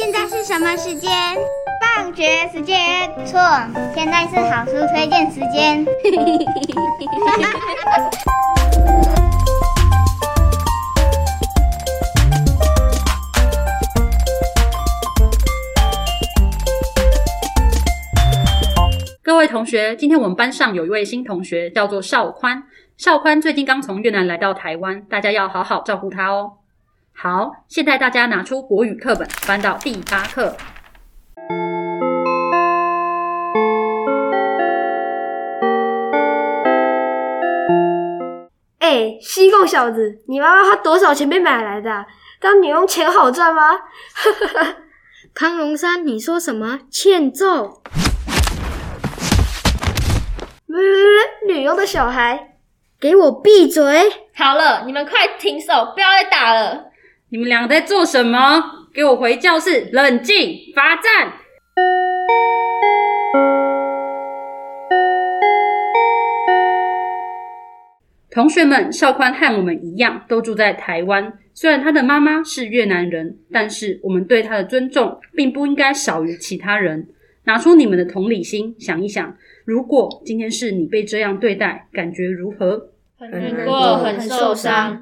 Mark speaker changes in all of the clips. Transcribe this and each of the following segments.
Speaker 1: 現在是什麼時間？放學時間。錯，現在是好書推薦時間。
Speaker 2: 各位同學，今天我們班上有一位新同學，叫做邵寬。邵寬最近剛從越南來到台灣，大家要好好照顧他哦。好，現在大家拿出國語課本，翻到第八課。
Speaker 1: 哎、欸，西貢小子，你媽媽花多少錢被買來的、啊？當女傭錢好賺嗎？ 康榮山，你說什麼？欠揍！ 女女傭的小孩，
Speaker 2: 給我閉嘴！好了，你們快停手，不要再打了。你們兩個在做什麼？給我回教室，冷靜，罰站。同學們，邵寬和我們一樣，都住在台灣。雖然他的媽媽是越南人，但是我們對他的尊重，並不應該少於其他人。拿出你們的同理心，想一想，如果今天是你被這樣對待，感覺如何？很
Speaker 3: 難過，很受傷。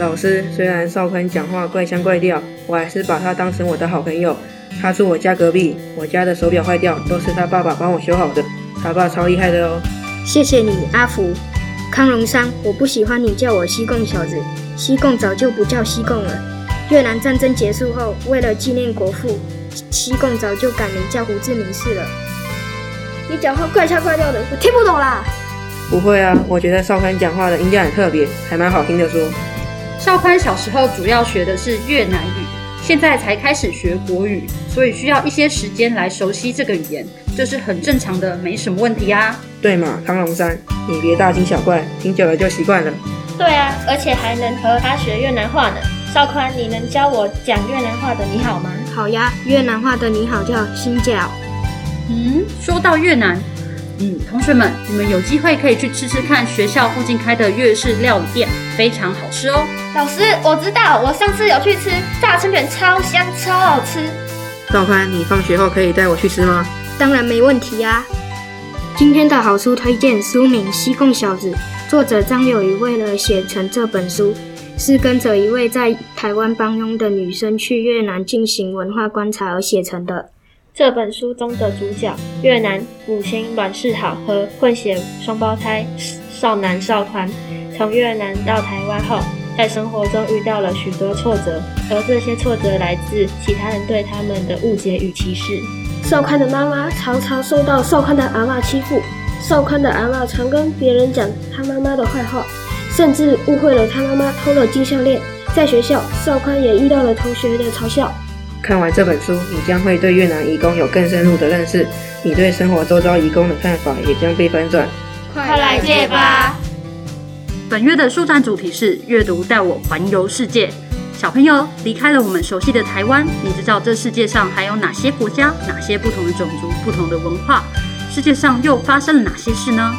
Speaker 3: 老師，雖然少坤講話怪腔怪調，我還是把他當成我的好朋友。他住我家隔壁，我家的手錶壞掉，都是他爸爸幫我修好的。他爸超厲害的哦。謝謝你，阿福。
Speaker 1: 康榮山，我不喜歡你叫我西貢小子。西貢早就不叫西貢了。越南戰爭結束後，為了紀念國父，西貢早就改名叫胡志明市
Speaker 2: 了。你講話怪腔怪調的，我聽不懂啦。
Speaker 3: 不會啊，我覺得少坤講話的音調很特別，還蠻好聽的說。
Speaker 2: 少寬小時候主要學的是越南語，現在才開始學國語，所以需要一些時間來熟悉這個語言，這、就是很正常的，沒什麼問題啊。
Speaker 3: 對嘛，唐龍山，你別大驚小怪，聽久了就習慣了。
Speaker 2: 對啊，而且還能和他學越南話呢。少寬，你能教我講越南話的你好嗎？好呀，越南話的你好叫 x 角。嗯，說到越南，嗯，同學們，你們有機會可以去吃吃看學校附近開的越式料理店，非常好吃哦。老師，我知道，我上次有去吃炸春卷，超香超好吃。
Speaker 3: 趙潘，你放學後可以帶我去吃嗎？
Speaker 1: 當然沒問題啊。今天的好書推薦，書名《敏西貢小子》，作者張友漁為了寫成這本書，是跟着一位在台灣幫傭的女生去越南進行文化觀察而寫成的。這本書中的主角越南母親阮氏好和混血雙胞胎少男少團，從越南到台灣後，在生活中遇到了許多挫折，而這些挫折來自其他人對他們的誤解與歧視。邵寬的媽媽常常受到邵寬的阿嬤欺負，邵寬的阿嬤常跟別人講他媽媽的壞話，甚至誤會了他媽媽偷了金項鏈。在學校，邵寬也遇
Speaker 3: 到了同學的嘲笑。看完這本書，你將會對越南移工有更深入的認識，你對生活周遭移工的看法也將被翻轉。
Speaker 2: 快來借吧！本月的書展主題是閱讀帶我環遊世界。小朋友離開了我們熟悉的台灣，你知道這世界上還有哪些國家、哪些不同的種族、不同的文化？世界上又發生了哪些事呢？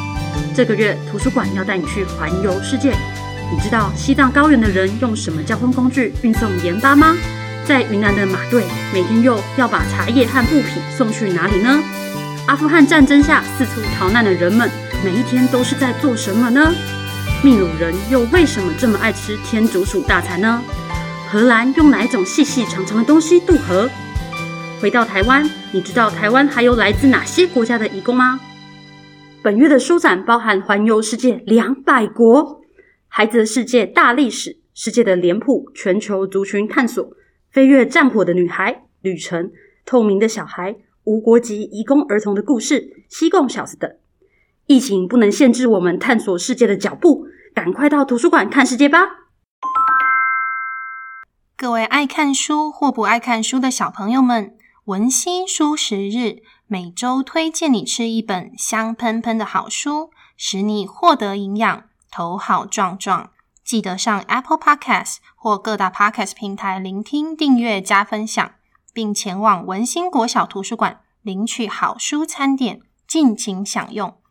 Speaker 2: 這個月圖書館要帶你去環遊世界。你知道西藏高原的人用什麼交通工具運送鹽巴嗎？在雲南的馬隊每天又要把茶葉和布匹送去哪裡呢？阿富汗戰爭下四處逃難的人們，每一天都是在做什麼呢？秘魯人又為什麼這麼愛吃天竺鼠大餐呢？荷蘭用哪一種細細長長的東西渡河？回到台灣，你知道台灣還有來自哪些國家的移工嗎？本月的書展包含《環遊世界兩百國》、《孩子的世界大歷史》、《世界的臉譜》、《全球族群探索》、《飛越戰火的女孩》、《旅程》、《透明的小孩》、《無國籍移工兒童的故事》、《西貢小子》等。疫情不能限制我們探索世界的腳步，趕快到圖書館看世界吧！各位愛看書或不愛看書的小朋友們，文欣書食日，每周推薦你吃一本香噴噴的好書，使你獲得營養，頭好壯壯。記得上 Apple Podcast 或各大 Podcast 平台聆聽、訂閱、加分享，並前往文欣國小圖書館領取好書餐點，盡情享用。